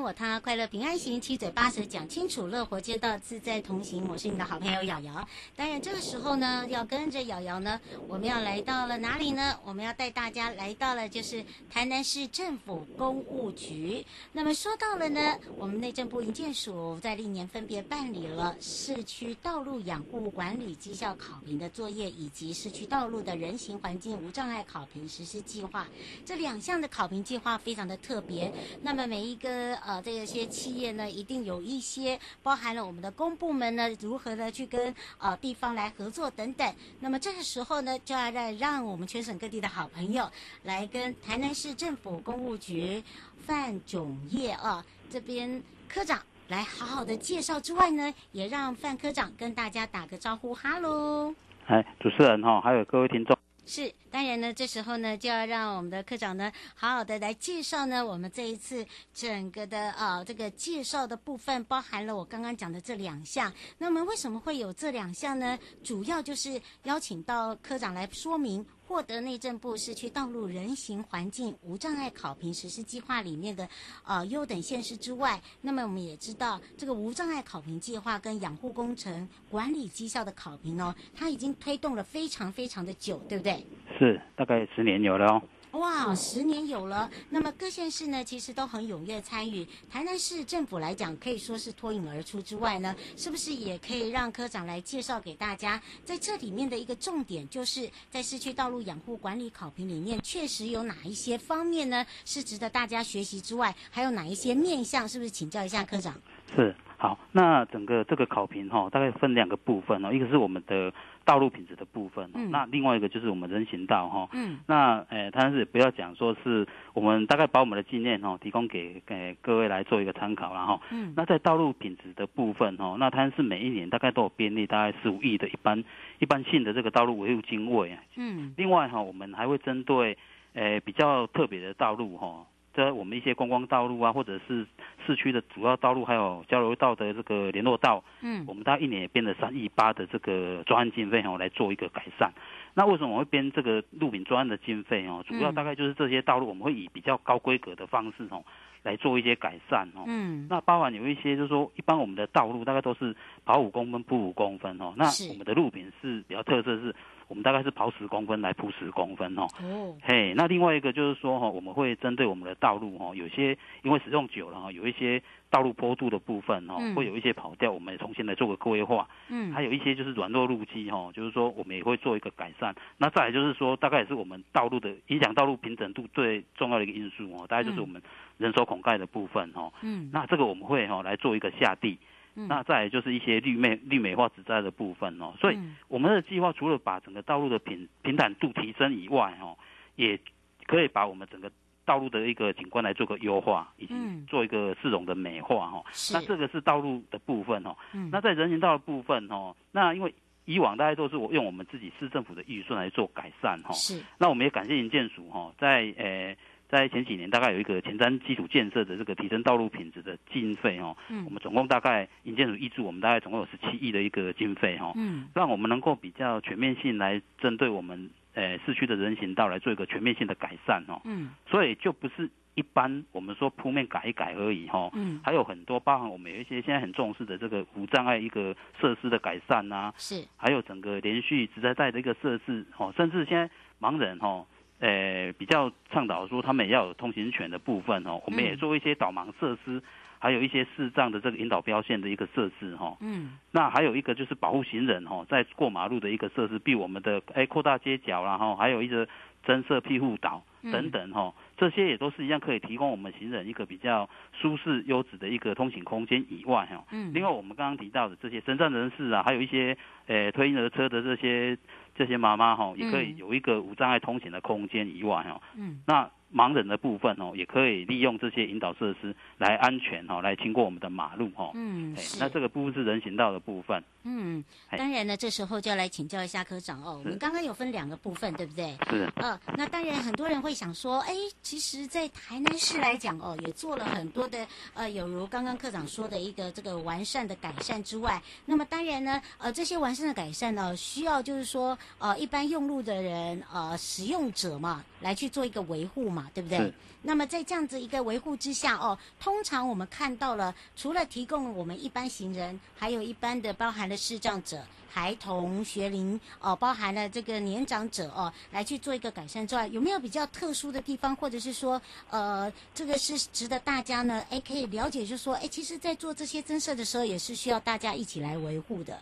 我他快樂平安行，七嘴八舌講清楚，樂活街道自在同行。我是你的好朋友瑤瑤。當然，這個時候呢，要跟着瑤瑤呢，我們要來到了哪裡呢？我們要帶大家來到了就是台南市政府工務局。那麼說到了呢，我們內政部營建署在歷年分別辦理了市區道路養護管理績效考評的作業，以及市區道路的人行環境無障礙考評實施計劃。這兩項的考評計劃非常的特別。那麼每一個。呃，這些企業呢，一定有一些包含了我們的公部門呢，如何呢去跟呃地方來合作等等。那麼這個時候呢，就要來讓我們全省各地的好朋友來跟台南市政府工務局范炅燁啊這邊科長來好好的介紹之外呢，也讓范科長跟大家打個招呼哈嘍。哎，主持人哈、哦，還有各位聽眾。是，當然呢，這時候呢就要讓我們的科長呢好好的來介紹呢，我們這一次整個的啊、哦、這個介紹的部分包含了我剛剛講的這兩項。那麼為什麼會有這兩項呢？主要就是邀請到科長來說明。獲得內政部市區道路人行環境無障礙考評實施計劃裡面的呃優等縣市之外，那麼我們也知道這個無障礙考評計劃跟養護工程管理績效的考評哦，它已經推動了非常非常的久，對不對？是，大概十年有了哦。哇，十年有了，那麼各縣市呢，其實都很踴躍參與。台南市政府來講，可以說是脫穎而出之外呢，是不是也可以讓科長來介紹給大家？在這裡面的一個重點，就是在市區道路養護管理考評裡面，確實有哪一些方面呢是值得大家學習之外，還有哪一些面向，是不是請教一下科長？是。好，那整個這個考評哈、哦，大概分兩個部分哦，一個是我們的道路品質的部分，嗯、那另外一個就是我們人行道哈、哦。嗯，那誒，它、呃、是不要講說是我們大概把我們的經驗哈，提供給給各位來做一個參考然後、哦。嗯，那在道路品質的部分哦，那它是每一年大概都有編列，大概十五億的一般一般性的這個道路維護經費。嗯，另外哈、哦，我們還會針對、呃、比較特別的道路哈、哦。在我們一些觀光道路啊，或者是市區的主要道路，還有交流道的這個聯絡道，嗯，我們大概一年也編了三億八的這個專案經費哦，來做一個改善。那為什麼我會編這個路平專案的經費哦？主要大概就是這些道路我們會以比較高規格的方式哦，來做一些改善哦。嗯，那包含有一些就是說，一般我們的道路大概都是刨五公分鋪五公分哦，那我們的路平是比較特色是。是嗯我們大概是刨十公分來鋪十公分哦，哦，嘿，那另外一個就是說哈、哦，我們會針對我們的道路哈、哦，有些因為使用久了哈、哦，有一些道路坡度的部分哈、哦，嗯、會有一些跑掉，我們也重新來做個規劃，嗯，還有一些就是軟弱路基哈、哦，就是說我們也會做一個改善。那再來就是說，大概也是我們道路的影響道路平整度最重要的一個因素哦，大概就是我們人手孔蓋的部分哦，嗯，那這個我們會哈、哦、來做一個下地。嗯、那再來就是一些綠美綠美化植栽的部分哦，所以、嗯、我們的計劃除了把整個道路的平平坦度提升以外哦，也可以把我們整個道路的一個景觀來做個優化，以及做一個市容的美化哈、哦嗯。那這個是道路的部分哦是。那在人行道的部分哦，那因為以往大家都是我用我們自己市政府的預算來做改善哈、哦。是。那我們也感謝營建署哈，在呃、欸。在前幾年，大概有一個前瞻基礎建設的這個提升道路品質的經費哦，嗯，我們總共大概，營建、嗯、署挹注我們大概總共有十七億的一個經費哦，嗯，讓我們能夠比較全面性來針對我們，呃、欸，市區的人行道來做一個全面性的改善哦，嗯，所以就不是一般我們說鋪面改一改而已哈、哦，嗯，還有很多包含我們有一些現在很重視的這個無障礙一個設施的改善啊，是，還有整個連續直在帶的一個設置哦，甚至現在盲人哦。誒、欸，比較倡導說他們也要有通行權的部分哦，我們也做一些導盲設施，還有一些視障的這個引導標線的一個設置哈。嗯。那還有一個就是保護行人哈，在過馬路的一個設施，比我們的誒擴大街角，然後還有一些增設庇護島等等哈。嗯這些也都是一樣可以提供我們行人一個比較舒適、優質的一個通行空間以外，哈，嗯，另外我們剛剛提到的這些身障人士啊，還有一些，誒、欸、推嬰兒車的這些這些媽媽哈，也可以有一個無障礙通行的空間以外，哈，嗯，那。盲人的部分哦，也可以利用這些引導設施來安全哦，來經過我們的馬路哦。嗯，那這個不是人行道的部分。嗯，當然呢，嘿這時候就要來請教一下科長哦。是我們剛剛有分兩個部分，對不對？是。呃，那當然很多人會想說，哎、欸，其實，在台南市來講哦，也做了很多的，呃，有如剛剛科長說的一個這個完善的改善之外，那麼當然呢，呃，這些完善的改善呢、呃，需要就是說，呃，一般用路的人，呃，使用者嘛，來去做一個維護嘛。對不對？是那麼在這樣子一個維護之下哦，通常我們看到了，除了提供我們一般行人，還有一般的包含了視障者、孩童，學齡哦，包含了這個年長者哦，來去做一個改善之外，有沒有比較特殊的地方，或者是說，呃，這個是值得大家呢，哎，可以了解，就是說，哎，其實，在做這些增設的時候，也是需要大家一起來維護的。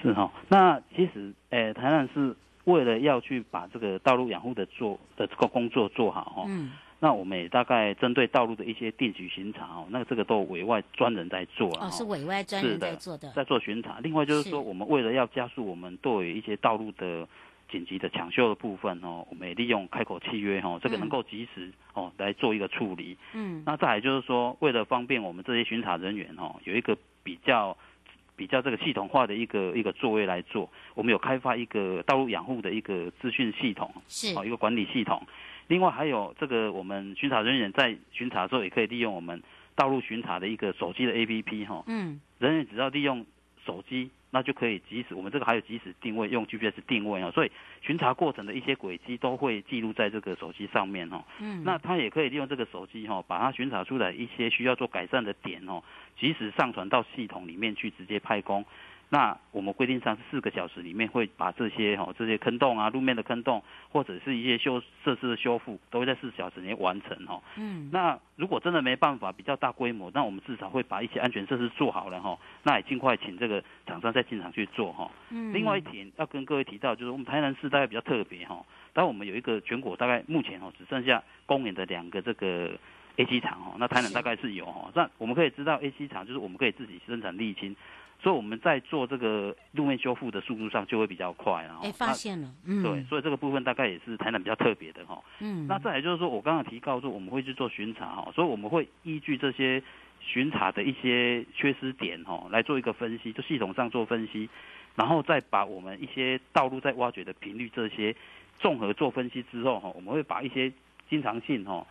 是哈、哦，那其實，哎，台南是。為了要去把這個道路養護的做，的這個工作做好哈，嗯、那我們也大概針對道路的一些定期巡查哦，那這個都委外專人在做啊、哦，是委外專人在做的，是的，在做巡查。另外就是說，是我們為了要加速我們對於一些道路的緊急的搶修的部分哦，我們也利用開口契約哈，這個能夠及時哦來做一個處理。嗯，那再來就是說，為了方便我們這些巡查人員哈，有一個比較。比較這個系統化的一個一個作業，來做，我們有開發一個道路養護的一個資訊系統，是，一個管理系統。另外還有這個我們巡查人員在巡查的時候，也可以利用我們道路巡查的一個手機的 APP，哈，嗯，人員只要利用手機。那就可以，即時我們這個還有即時定位用 GPS 定位哦，所以巡查過程的一些軌跡都會記錄在這個手機上面哦。嗯，那它也可以利用這個手機哦，把它巡查出來一些需要做改善的點哦，及時上傳到系統裡面去直接派工。那我們規定上是四個小時裡面會把這些哈，這些坑洞啊，路面的坑洞或者是一些修設施的修復都會在四小時內完成哈。嗯，那如果真的沒辦法比較，大規模，那我們至少會把一些安全設施做好了哈，那也盡快請這個廠商再進場去做哈、嗯、另外一點要跟各位提到，就是我們台南市大概比較特別哈，當然我們有一個全國大概目前哈，只剩下公園的兩個這個。AC 廠哦，那台南大概是有哦，那是我們可以知道 AC 廠就是我們可以自己生產瀝青，所以我們在做這個路面修復的速度上就會比較快啦。哎誒，那發現了，嗯，對，所以這個部分大概也是台南比較特別的哈。嗯，那再來就是說我剛剛提到說我們會去做巡查哈，所以我們會依據這些巡查的一些缺失點哈來做一個分析，就系統上做分析，然後再把我們一些道路在挖掘的頻率這些綜合做分析之後哈，我們會把一些經常性哈。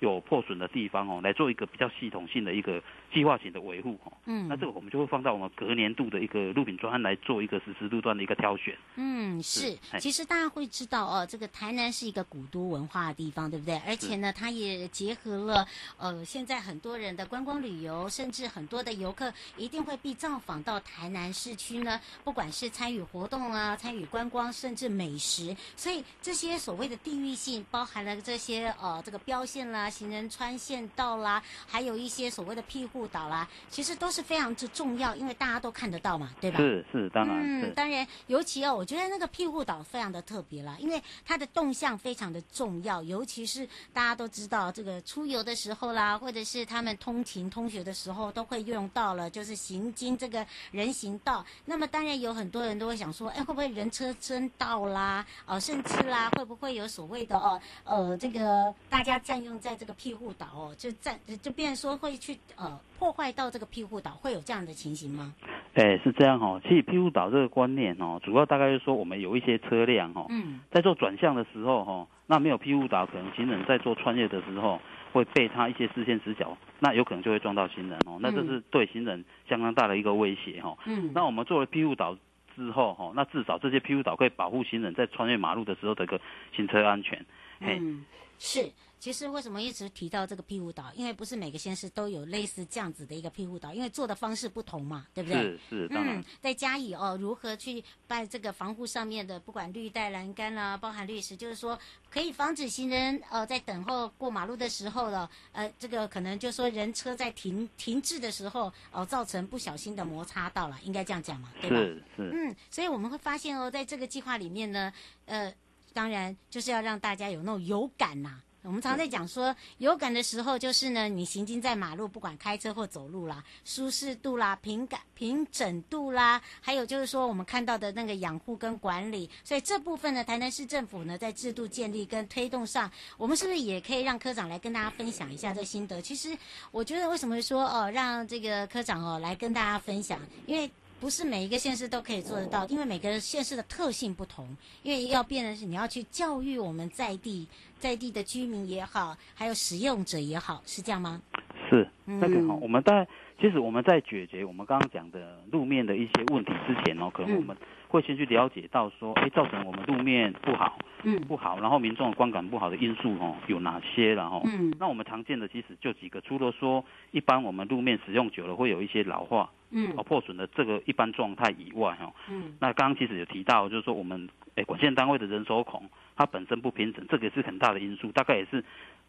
有破損的地方哦，來做一個比較系統性的一個計劃型的維護哦。嗯，那這個我們就會放到我們隔年度的一個路品專案來做一個實施路段的一個挑選。嗯，是，是其實大家會知道哦，這個台南是一個古都文化的地方，對不對？而且呢，是它也結合了呃，現在很多人的觀光旅遊，甚至很多的遊客一定會必造訪到台南市區呢，不管是參與活動啊，參與觀光，甚至美食。所以這些所謂的地域性包含了這些呃，這個標線啦、啊。行人穿線道啦，還有一些所謂的庇護島啦，其實都是非常之重要，因為大家都看得到嘛，對吧？是是，當然、啊，嗯，當然，尤其哦，我覺得那個庇護島非常的特別啦，因為它的動向非常的重要，尤其是大家都知道這個出遊的時候啦，或者是他們通勤通學的時候都會用到了，就是行經這個人行道。那麼當然有很多人都會想說，哎，會不會人車爭道啦？哦，甚至啦、啊，會不會有所謂的哦，呃、哦，這個大家占用在。這個庇護島哦，就在就變成說會去呃破壞到這個庇護島，會有這樣的情形嗎？哎、欸，是這樣哦。其實庇護島這個觀念哦，主要大概是說，我們有一些車輛哦，嗯、在做轉向的時候哈、哦，那沒有庇護島，可能行人在做穿越的時候，會被它一些視線死角，那有可能就會撞到行人哦，那這是對行人相當大的一個威脅哈、哦。嗯。那我們作為庇護島之後哈、哦，那至少這些庇護島可以保護行人在穿越馬路的時候的一個行車安全。嗯，是，其實為什麼一直提到這個庇護島？因為不是每個縣市都有類似這樣子的一個庇護島，因為做的方式不同嘛，對不對？嗯，再加以哦，如何去辦這個防護上面的，不管綠帶欄杆啦、啊，包含綠師，就是說可以防止行人哦、呃、在等候過馬路的時候了，呃，這個可能就是說人車在停停滯的時候哦、呃，造成不小心的摩擦到了，應該這樣講嘛，對吧？嗯，所以我們會發現哦，在這個計劃裡面呢，呃。當然，就是要讓大家有那種有感吶、啊。我們常在講說有、嗯、感的時候，就是呢，你行經在馬路，不管開車或走路啦，舒適度啦、平感、平整度啦，還有就是說我們看到的那個養護跟管理。所以這部分呢，台南市政府呢，在制度建立跟推動上，我們是不是也可以讓科長來跟大家分享一下這心得？其實我覺得，為什麼說哦，讓這個科長哦來跟大家分享，因為。不是每一個縣市都可以做得到，因為每個縣市的特性不同。因為要變的是你要去教育我們在地在地的居民也好，還有使用者也好，是這樣嗎？是，嗯，那挺好。我們在。其實我們在解決，我們剛剛講的路面的一些問題之前哦，可能我們會先去了解到說，哎、嗯，造成我們路面不好，嗯，不好，然後民眾的觀感不好的因素哦，有哪些哦？然後，嗯，那我們常見的其實就幾個，除了說一般我們路面使用久了會有一些老化，嗯，或破損的這個一般狀態以外，哦，嗯，那剛剛其實有提到，就是說我們哎管線單位的人手孔它本身不平整，這個也是很大的因素，大概也是。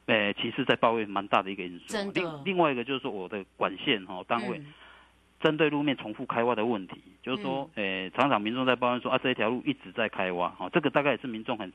誒、欸，其實在抱怨蠻大的一個因素。的另另外一個就是說，我的管線哈單位，針、嗯、對路面重複開挖的問題，就是說，誒、欸，常常民眾在報案說啊，這一條路一直在開挖，哈，這個大概也是民眾很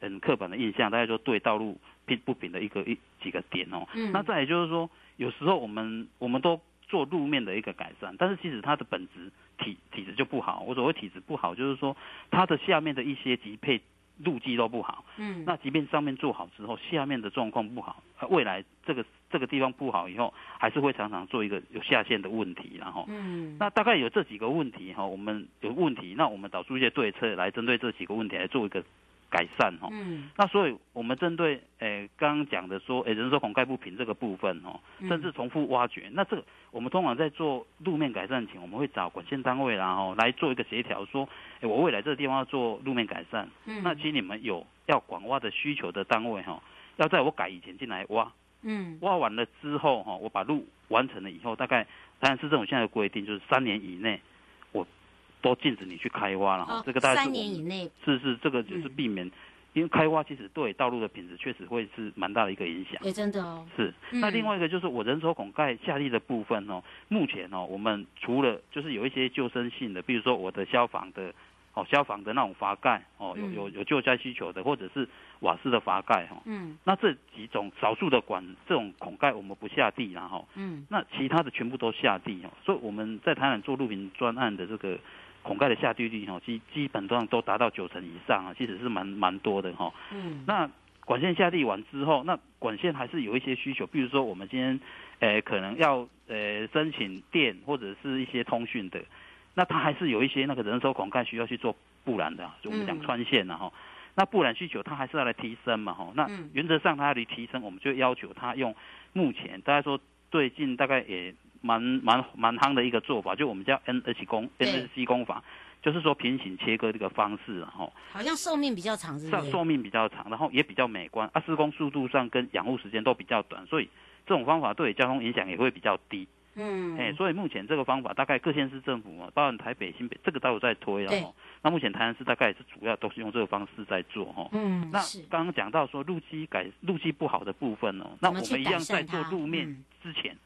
很刻板的印象，大概說對道路不不平的一個一幾個點哦。嗯、那再也就是說，有時候我們我們都做路面的一個改善，但是其實它的本質體體質就不好。我所謂體質不好，就是說它的下面的一些級配。路基都不好，嗯，那即便上面做好之後，下面的狀況不好，呃，未來這個這個地方不好以後，還是會常常做一個有下陷的問題，然後，嗯，那大概有這幾個問題哈，我們有問題，那我們找出一些對策來針對這幾個問題來做一個。改善哈，嗯、那所以我們針對誒剛剛講的說誒人手孔蓋不平這個部分哈，甚至重複挖掘，嗯、那這個我們通常在做路面改善前，我們會找管線單位然後來做一個協調說，說誒我未來這個地方要做路面改善，嗯，那其實你們有要管挖的需求的單位哈，要在我改以前進來挖，嗯，挖完了之後哈，我把路完成了以後，大概但是這種現在的規定就是三年以內。都禁止你去開挖了，哦、這個大概三年以內是是這個就是避免，嗯、因為開挖其實對道路的品質確實會是蠻大的一個影響。也真的哦。是，嗯、那另外一個就是我人手孔蓋下地的部分哦，目前哦，我們除了就是有一些救生性的，比如說我的消防的，哦，消防的那種閥蓋哦，有有有救災需求的，或者是瓦斯的閥蓋哈。嗯。那這幾種少數的管這種孔蓋我們不下地然後，嗯。那其他的全部都下地哦，所以我們在台南做路平專案的這個。孔蓋的下地率哦，基基本上都達到九成以上啊，其實是蠻蠻多的哈。嗯，那管線下地完之後，那管線還是有一些需求，比如說我們今天，呃，可能要呃申請電或者是一些通訊的，那它還是有一些那個人手孔蓋需要去做布纜的，就我們講穿線吶、啊、哈。嗯、那布纜需求它還是要來提升嘛哈。那原則上它要來提升，我們就要求它用目前大家說最近大概也。蠻蠻蠻夯的一個做法，就我們叫 N H 工 N 對 H C 工法。就是說平行切割這個方式，啊，然後好像壽命比較長是不是？是壽命比較長，然後也比較美觀啊，施工速度上跟養護時間都比較短，所以這種方法對交通影響也會比較低。嗯，哎、欸，所以目前這個方法大概各縣市政府嘛，包含台北、新北，這個都有在推，哦，然後對那目前台南市大概也是主要都是用這個方式在做，哦，哈，嗯，那剛剛講到說路基改路基不好的部分哦，那我們一樣在做路面之前。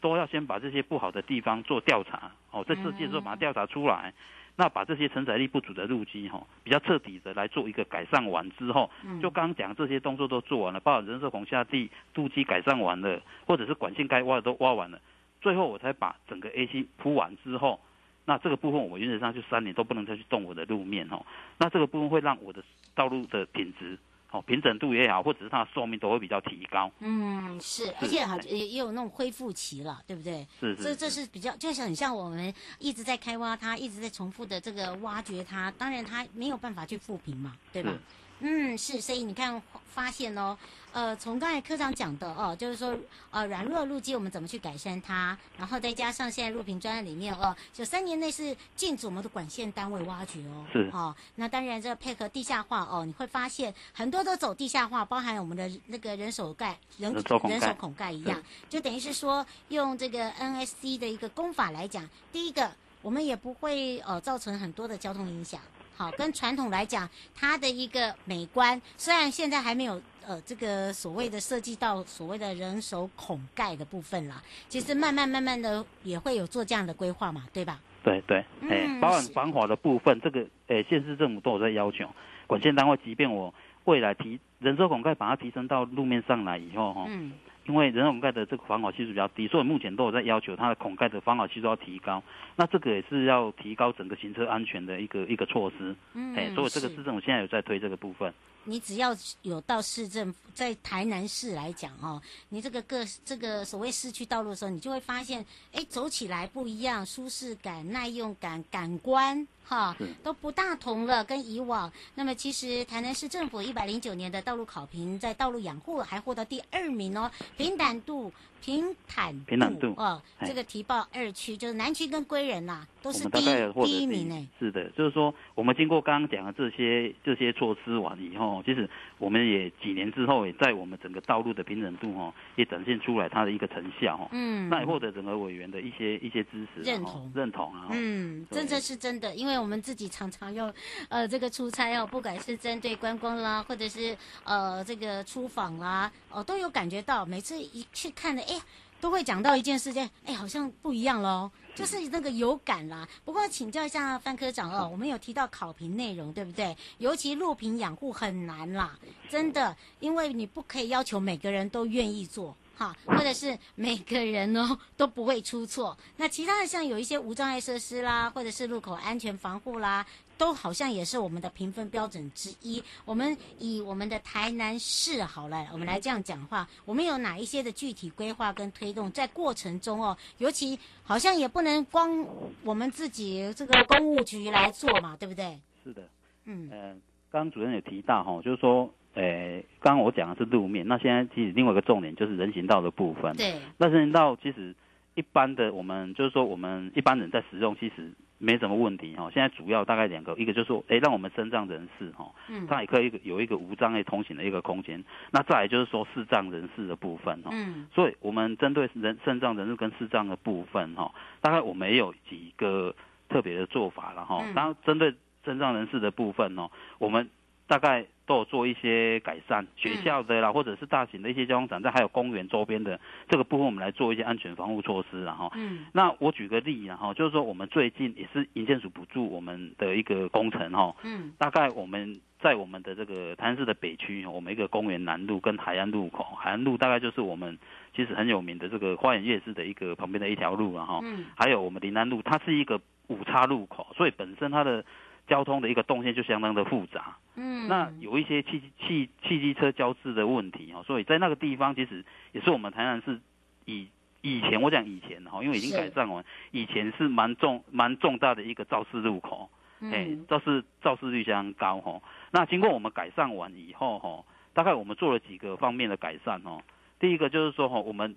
都要先把這些不好的地方做調查，哦，在設計的時候把它調查出來，嗯、那把這些承載力不足的路基、哦，吼，比較徹底的來做一個改善完之後，嗯、就剛講這些動作都做完了，包括人行道下地路基改善完了，或者是管線該挖的都挖完了，最後我才把整個 AC 鋪完之後，那這個部分我們原則上就三年都不能再去動我的路面，哦。那這個部分會讓我的道路的品質。哦，平整度也好，或者是它的壽命都會比較提高。嗯，是，是而且也也有那種恢復期了，對不對？是是。這這是比較，就是很像我們一直在開挖它，一直在重複的這個挖掘它，當然它沒有辦法去復平嘛，對吧？嗯，是，所以你看發現哦，呃，從剛才科長講的哦、呃，就是說，呃，軟弱路基我們怎麼去改善它，然後再加上現在路平專案裡面哦，就、呃、三年內是禁止我們的管線單位挖掘哦，是哦、呃，那當然這配合地下化哦、呃，你會發現很多都走地下化，包含我們的那個人手蓋、人人手孔蓋一樣，是就等於是說用這個 NSC 的一個工法來講，第一個我們也不會呃造成很多的交通影響。好，跟傳統來講，它的一個美觀，雖然現在還沒有呃，這個所謂的設計到所謂的人手孔蓋的部分啦，其實慢慢慢慢的也會有做這樣的規劃嘛，對吧？對對，哎包括防滑的部分，這個哎欸，縣市政府都有在要求，管線單位，即便我未來提人手孔蓋把它提升到路面上來以後，哈。嗯因為人孔蓋的這個防滑係數比較低，所以目前都有在要求它的孔蓋的防滑係數要提高。那這個也是要提高整個行車安全的一個一個措施。誒、嗯欸，所以這個市政府現在有在推這個部分。你只要有到市政府，在台南市來講哦，你這個各這個所謂市區道路的時候，你就會發現，哎，走起來不一樣，舒適感、耐用感、感官哈，都不大同了，跟以往。那麼其實台南市政府一百零九年的道路考評，在道路養護還獲得第二名哦，平坦度。平坦度，平坦度哦，嘿這個提報二區就是南區跟歸仁吶、啊，都是第一第一，第一名呢，是的，就是說我們經過剛剛講的這些這些措施完以後，其實我們也幾年之後，也在我們整個道路的平整度哦，也展現出來它的一個成效哦。嗯，那也獲得整個委員的一些一些支持、啊、認同、哦、認同啊、哦。嗯，對真正是真的，因為我們自己常常用呃這個出差哦，不管是針對觀光啦，或者是呃這個出訪啦，哦、呃、都有感覺到，每次一去看的。哎，都會講到一件事情，哎，好像不一樣嘍，就是那個有感啦。不過請教一下范科長哦，我們有提到考評內容，對不對？尤其路平養護很難啦，真的，因為你不可以要求每個人都願意做，哈，或者是每個人哦都不會出錯。那其他的像有一些無障礙設施啦，或者是路口安全防護啦。都好像也是我們的評分標準之一。我們以我們的台南市，好了，我們來這樣講話。我們有哪一些的具體規劃跟推動？在過程中哦，尤其好像也不能光我們自己這個工務局來做嘛，對不對？嗯。是的，嗯呃，剛主任有提到哈，就是說，哎剛剛我講的是路面，那現在其實另外一個重點就是人行道的部分。對，那人行道其實一般的我們就是說，我們一般人在使用其實。沒什麼問題哈，現在主要大概兩個，一個就是說，哎、欸，讓我們身障人士哈，他也可以有一個無障礙通行的一個空間。嗯、那再來就是說視障人士的部分哈，嗯，所以我們針對人身障人士跟視障的部分哈，大概我們也有幾個特別的做法了哈。那針、嗯、對身障人士的部分呢，我們大概。做做一些改善，學校的啦，或者是大型的一些交通場站，嗯、還有公園周邊的這個部分，我們來做一些安全防護措施，然後，嗯，那我舉個例子，然後就是說，我們最近也是營建署補助我們的一個工程，哈，嗯，大概我們在我們的這個台南市的北區，我們一個公園南路跟海安路口，海安路大概就是我們其實很有名的這個花園夜市的一個旁邊的一條路，然後，嗯，還有我們臨安路，它是一個五岔路口，所以本身它的。交通的一個動線就相當的複雜，嗯，那有一些汽汽汽機車交織的問題哦，所以在那個地方其實也是我們台南市以以前我講以前哈，因為已經改善完，是以前是蠻重蠻重大的一個肇事路口，欸，肇事肇事率相當高哈。那經過我們改善完以後哈，大概我們做了幾個方面的改善哦，第一個就是說哈，我們。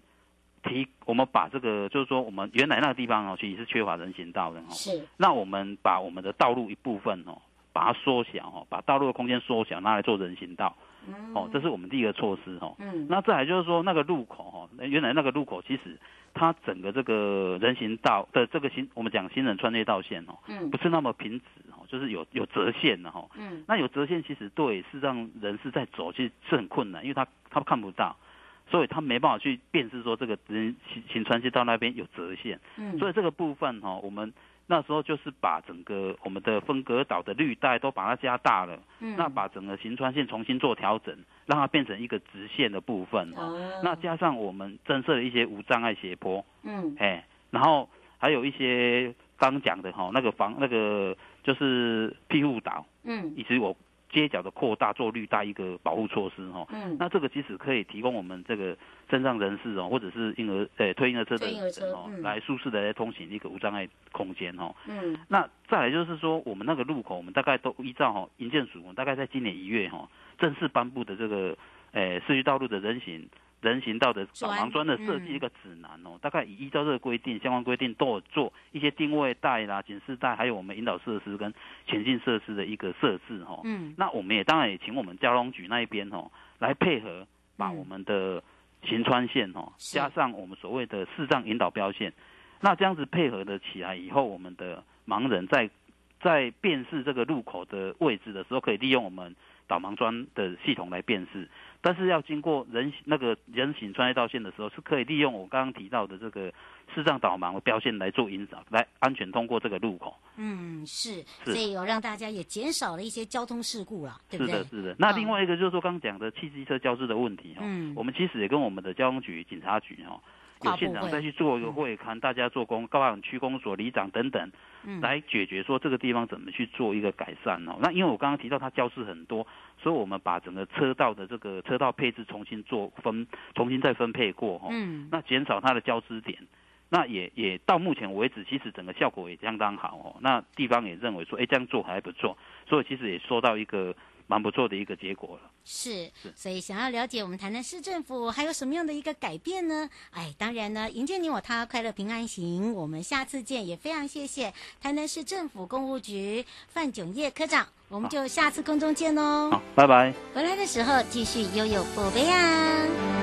提我們把這個，就是說我們原來那個地方哦、喔，其實是缺乏人行道的哦、喔。是。那我們把我們的道路一部分哦、喔，把它縮小哦、喔，把道路的空間縮小，拿來做人行道。哦、嗯喔，這是我們第一個措施哦、喔。嗯。那再來就是說那個路口哦、喔，那原來那個路口其實它整個這個人行道的這個行，我們講行人穿越道線哦、喔，嗯。不是那麼平直哦，就是有有折線的、喔、哈。嗯。那有折線其實對，事實上人是在走，其實是很困難，因為他他看不到。所以他沒辦法去辨識說這個行行穿線到那邊有折線，嗯，所以這個部分哈、哦，我們那時候就是把整個我們的分隔島的綠帶都把它加大了，嗯，那把整個行穿線重新做調整，讓它變成一個直線的部分哦，啊、那加上我們增設了一些無障礙斜坡，嗯，哎、欸，然後還有一些剛講的哈、哦，那個防那個就是庇護島，嗯，以及我。街角的擴大做綠帶一個保護措施哈，嗯、那這個即使可以提供我們這個鎮上人士哦，或者是嬰兒，呃、欸、推嬰兒車的人哦，嗯、來舒適的來通行一個無障礙空間哈。喔、嗯，那再來就是說我們那個路口，我們大概都依照哈營建署，我們大概在今年一月哈正式頒布的這個，呃、欸、市區道路的人行。人行道的導盲磚的設計一個指南哦，嗯、大概以依照這個規定，相關規定都有做一些定位帶啦、警示帶，還有我們引導設施跟前進設施的一個設置哈。嗯，那我們也當然也請我們交通局那一邊哦來配合，把我們的行穿線哦、嗯、加上我們所謂的視障引導標線，是那這樣子配合的起來以後，我們的盲人在在辨識這個路口的位置的時候，可以利用我們導盲磚的系統來辨識。但是要經過人那個人行穿越道線的時候，是可以利用我剛剛提到的這個視障導盲的標線來做引導，來安全通過這個路口。嗯，是，是，所以有讓大家也減少了一些交通事故啊。的對不對？是的，是的。那另外一個就是說，剛剛講的汽機車交織的問題哈、哦，嗯，我們其實也跟我們的交通局、警察局哈、哦。有現場再去做一個會勘，大家做工，嗯、高雄區公所里長等等，來解決說這個地方怎麼去做一個改善哦。嗯、那因為我剛剛提到它交織很多，所以我們把整個車道的這個車道配置重新做分，重新再分配過。嗯，那減少它的交織點，那也也到目前為止，其實整個效果也相當好哦。那地方也認為說，哎、欸、這樣做還不錯，所以其實也收到一個。蠻不錯的一個結果了，是，所以想要了解我們台南市政府還有什麼樣的一個改變呢？哎，當然呢，營建你我他快樂平安行，我們下次見，也非常謝謝台南市政府工務局范炅燁科長，我們就下次空中見嘍，好，啊啊，拜拜，回來的時候繼續悠悠寶貝啊。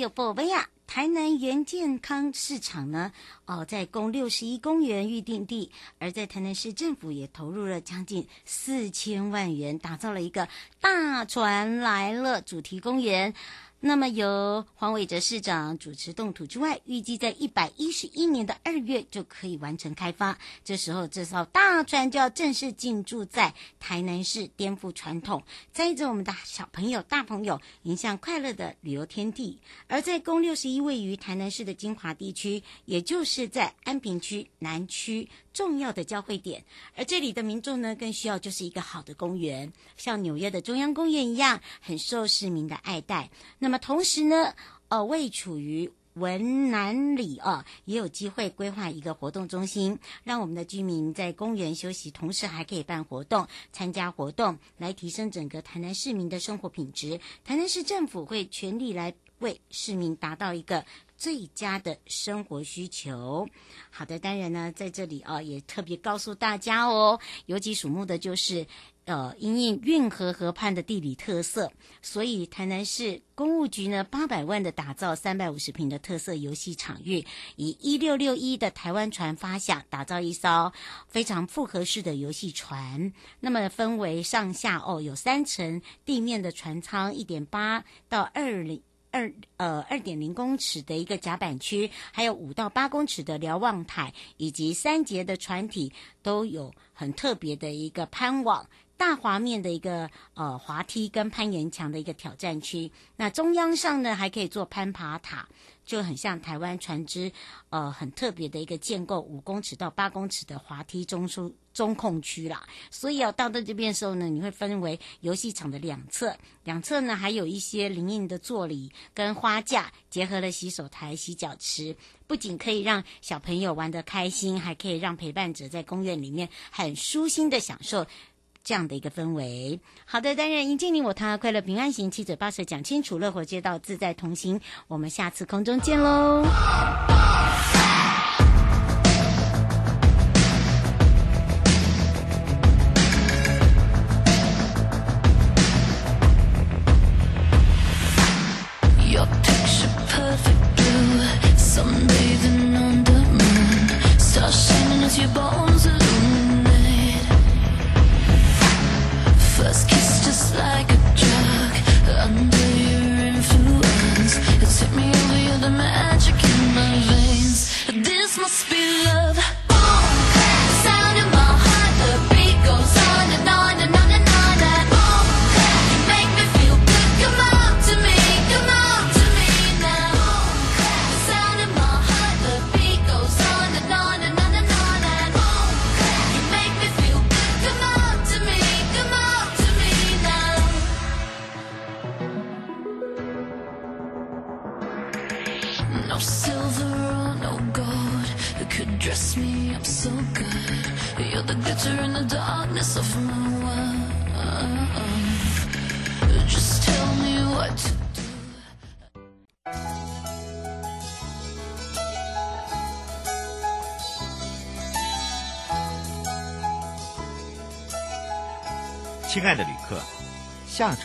有寶貝呀，台南原，健康市場呢，哦，在公六十一公園預定地，而在台南市政府也投入了將近四千萬元，打造了一個大船來了主題公園。那麼由黃偉哲市長主持動土之外，預計在一百一十一年的二月就可以完成開發。這時候，這艘大船就要正式進駐在台南市，顛覆傳統，載着我們的小朋友、大朋友，迎向快樂的旅遊天地。而在公六十一位於台南市的精華地區，也就是在安平區南區，重要的交匯點，而這裡的民眾呢，更需要就是一個好的公園，像紐約的中央公園一樣，很受市民的愛戴。那麼，同時呢，呃、哦，位處於文南里啊、哦，也有機會規劃一個活動中心，讓我們的居民在公園休息，同時還可以辦活動、參加活動，來提升整個台南市民的生活品質。台南市政府會全力來為市民達到一個。最佳的生活需求。好的，當然呢，在這裡哦，也特別告訴大家哦，尤其矚目的就是，呃，因應運河河畔的地理特色，所以台南市工務局呢，八百萬的打造三百五十坪的特色遊戲場域，以一六六一的台灣船發想，打造一艘非常複合式的遊戲船。那麼分為上下哦，有三層地面的船艙，一點八到二零。二呃二點零公尺的一個甲板區，還有五到八公尺的瞭望台，以及三節的船體，都有很特別的一個攀網。大滑面的一個呃滑梯跟攀岩牆的一個挑戰區，那中央上呢還可以做攀爬塔，就很像台灣船隻呃很特別的一個建構，五公尺到八公尺的滑梯中樞中控區啦。所以要、啊、到到這邊的時候呢，你會分為遊戲場的兩側，兩側呢還有一些林蔭的座椅跟花架，結合了洗手台、洗腳池，不僅可以讓小朋友玩得開心，還可以讓陪伴者在公園裡面很舒心的享受。這樣的一個氛圍，好的，當然，營建你我他，快樂平安行，七嘴八舌講清楚，樂活街道自在同行，我們下次空中見嘍。